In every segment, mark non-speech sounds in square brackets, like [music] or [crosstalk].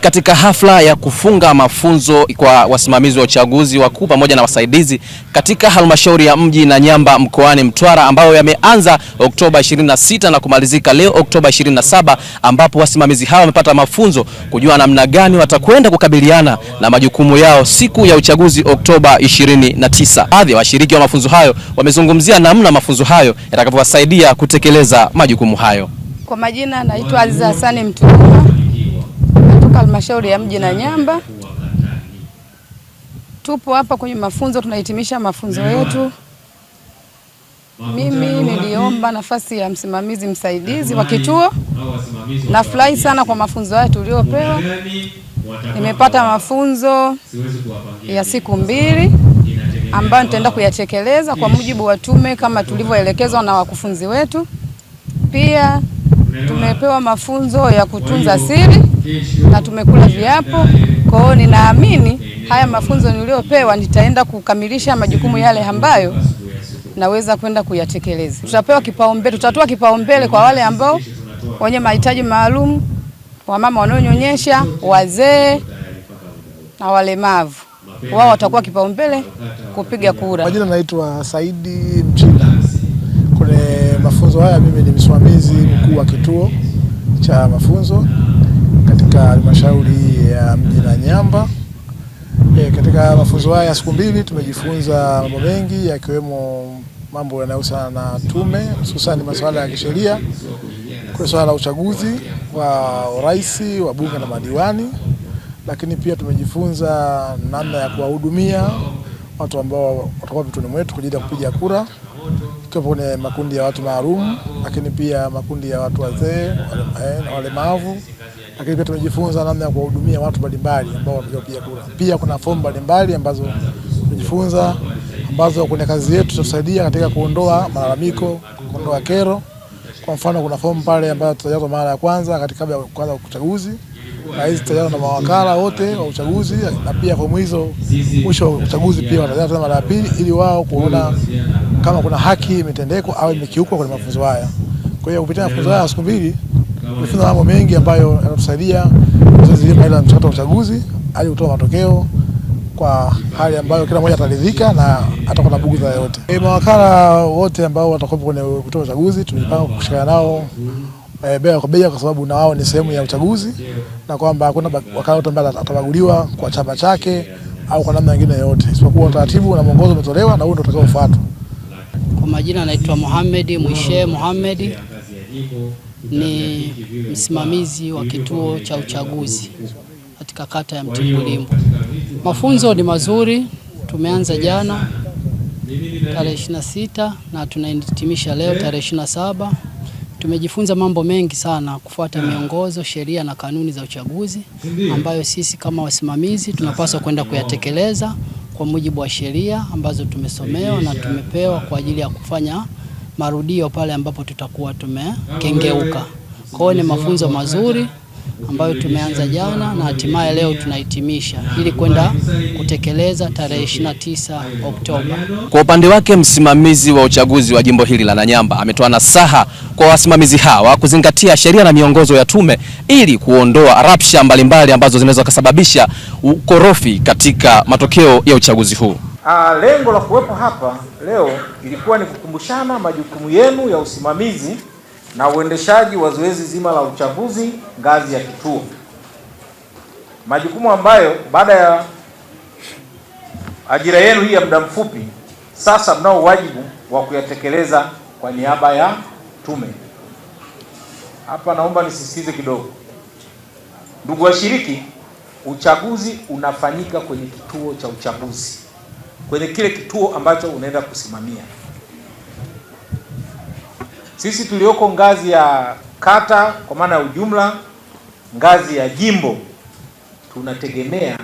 Katika hafla ya kufunga mafunzo kwa wasimamizi wa uchaguzi wakuu pamoja na wasaidizi katika halmashauri ya mji Nanyamba mkoani Mtwara ambayo yameanza Oktoba 26 na kumalizika leo Oktoba 27, ambapo wasimamizi hawa wamepata mafunzo kujua namna gani watakwenda kukabiliana na majukumu yao siku ya uchaguzi Oktoba 29. Baadhi ya washiriki wa mafunzo hayo wamezungumzia namna mafunzo hayo yatakavyowasaidia kutekeleza majukumu hayo. Kwa majina naitwa Aziza Hassani Mtuma kutoka halmashauri ya mji na Nyamba. Tupo hapa kwenye mafunzo, tunahitimisha mafunzo yetu. Mimi niliomba nafasi ya msimamizi msaidizi wa kituo. Nafurahi sana kwa mafunzo haya tuliopewa. Nimepata mafunzo ya siku mbili ambayo nitaenda kuyatekeleza kwa mujibu wa tume kama tulivyoelekezwa na wakufunzi wetu. Pia tumepewa mafunzo ya kutunza siri na tumekula viapo. Kwa hiyo ninaamini haya mafunzo niliyopewa, nitaenda kukamilisha majukumu yale ambayo naweza kwenda kuyatekeleza. Tutapewa kipaumbele, tutatoa kipaumbele kwa wale ambao wenye mahitaji maalum, wamama wanaonyonyesha, wazee na walemavu, wao watakuwa kipaumbele kupiga kura. Kwa jina naitwa Saidi Mchinda. Kwenye mafunzo haya mimi ni msimamizi mkuu wa kituo cha mafunzo halmashauri ya mji Nyamba. E, katika mafunzo haya ya siku mbili tumejifunza mambo mengi yakiwemo mambo yanayohusiana na tume hususan masuala ya kisheria kwa swala la uchaguzi wa rais wa bunge na madiwani, lakini pia tumejifunza namna ya kuwahudumia watu ambao watakuwa vituni mwetu kwa ajili ya kupiga kura, ikiwepo kwenye makundi ya watu maalum, lakini pia makundi ya watu wazee eh, na walemavu lakini pia tumejifunza namna ya kuwahudumia watu mbalimbali ambao wanakuja kupiga kura. Pia kuna fomu mbalimbali ambazo tumejifunza ambazo kwenye kazi yetu tutasaidia katika kuondoa malalamiko, kuondoa kero. Kwa mfano, kuna fomu pale ambayo tutajazwa mara ya kwanza katika kabla ya kuanza uchaguzi, na hizi tutajazwa na mawakala wote wa uchaguzi, na pia fomu hizo mwisho wa uchaguzi pia watajaza tena mara ya pili, ili wao kuona kama kuna haki imetendekwa au imekiukwa kwenye mafunzo haya. Kwa hiyo kupitia mafunzo haya siku mbili tumefunza mambo mengi ambayo yanatusaidia zoezi zima ile mchakato wa uchaguzi hadi kutoa matokeo kwa hali ambayo kila mmoja ataridhika na atakuwa na bughudha yoyote. E, mawakala wote ambao watakuwa kwenye kutoa uchaguzi tumepanga kushikana nao e, bega kwa bega, kwa sababu na wao ni sehemu ya uchaguzi, na kwamba hakuna wakala wote ambaye atabaguliwa kwa chama chake au kwa namna nyingine yote isipokuwa utaratibu na mwongozo umetolewa na huo ndio utakaofuatwa. Kwa majina anaitwa Mohamed Mwishe Mohamed ni msimamizi wa kituo cha uchaguzi katika kata ya Mtimbulimbo. Mafunzo ni mazuri, tumeanza jana tarehe 26 na tunahitimisha leo tarehe 27. Tumejifunza mambo mengi sana, kufuata ah. miongozo, sheria na kanuni za uchaguzi ambayo sisi kama wasimamizi tunapaswa ah. kwenda kuyatekeleza kwa mujibu wa sheria ambazo tumesomewa na tumepewa kwa ajili ya kufanya marudio pale ambapo tutakuwa tumekengeuka. Kwa hiyo ni mafunzo mazuri ambayo tumeanza jana na hatimaye leo tunahitimisha ili kwenda kutekeleza tarehe 29 Oktoba. Kwa upande wake, msimamizi wa uchaguzi wa jimbo hili la Nanyamba ametoa nasaha kwa wasimamizi hawa kuzingatia sheria na miongozo ya tume ili kuondoa rapsha mbalimbali ambazo zinaweza kusababisha ukorofi katika matokeo ya uchaguzi huu. Aa, ah, lengo la kuwepo hapa leo ilikuwa ni kukumbushana majukumu yenu ya usimamizi na uendeshaji wa zoezi zima la uchaguzi ngazi ya kituo, majukumu ambayo baada ya ajira yenu hii ya muda mfupi sasa mnao wajibu wa kuyatekeleza kwa niaba ya tume. Hapa naomba nisisitize kidogo, ndugu washiriki, uchaguzi unafanyika kwenye kituo cha uchaguzi kwenye kile kituo ambacho unaenda kusimamia. Sisi tulioko ngazi ya kata kwa maana ya ujumla, ngazi ya jimbo, tunategemea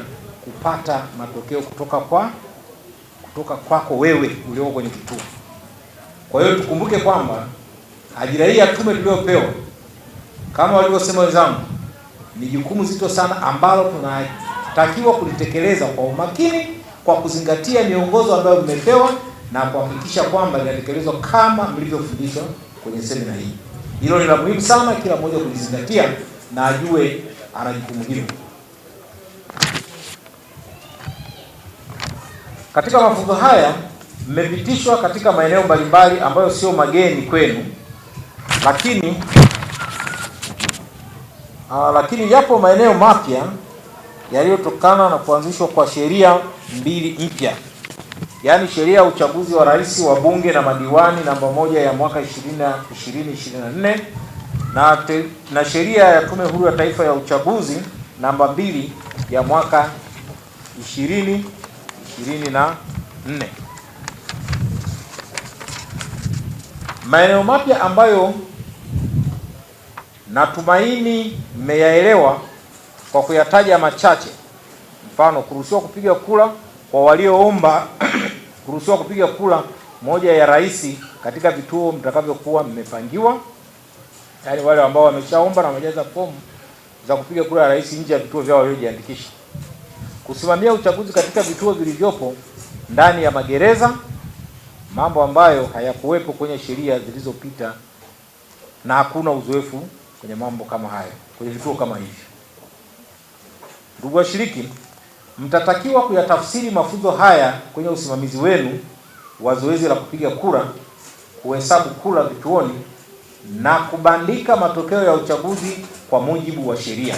kupata matokeo kutoka kwa kutoka kwako wewe ulioko kwenye kituo. Kwa hiyo tukumbuke kwamba ajira hii ya tume tuliyopewa, kama walivyosema wenzangu, ni jukumu zito sana ambalo tunatakiwa kulitekeleza kwa umakini kwa kuzingatia miongozo ambayo mmepewa na kuhakikisha kwamba linatekelezwa kama mlivyofundishwa kwenye semina hii. Hilo ni la muhimu sana, kila mmoja kulizingatia na ajue ana jukumu hilo. Katika mafunzo haya mmepitishwa katika maeneo mbalimbali ambayo sio mageni kwenu, lakini aa, ah, lakini yapo maeneo mapya yaliyotokana na kuanzishwa kwa sheria mbili mpya, yaani sheria ya uchaguzi wa rais wa bunge na madiwani namba moja ya mwaka 2024 na, te, na sheria ya Tume Huru ya Taifa ya Uchaguzi namba mbili ya mwaka 2024. Maeneo mapya ambayo natumaini mmeyaelewa kwa kuyataja machache, mfano kuruhusiwa kupiga kura kwa walioomba [clears throat] kuruhusiwa kupiga kura moja ya rais katika vituo mtakavyokuwa mmepangiwa, yaani wale ambao wameshaomba na wamejaza fomu za kupiga kura ya rais nje ya vituo vyao waliojiandikisha. Kusimamia uchaguzi katika vituo vilivyopo ndani ya magereza, mambo ambayo hayakuwepo kwenye sheria zilizopita na hakuna uzoefu kwenye mambo kama hayo kwenye vituo kama hivyo. Ndugu washiriki, mtatakiwa kuyatafsiri mafunzo haya kwenye usimamizi wenu wa zoezi la kupiga kura, kuhesabu kura vituoni na kubandika matokeo ya uchaguzi kwa mujibu wa sheria.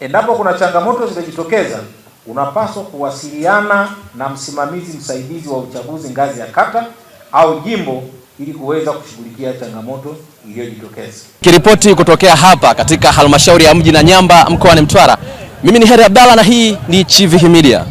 Endapo kuna changamoto zitajitokeza, unapaswa kuwasiliana na msimamizi msaidizi wa uchaguzi ngazi ya kata au jimbo ili kuweza kushughulikia changamoto iliyojitokeza. Kiripoti kutokea hapa katika halmashauri ya mji Nanyamba mkoani Mtwara, mimi ni Heri Abdalla na hii ni Chivihi Media.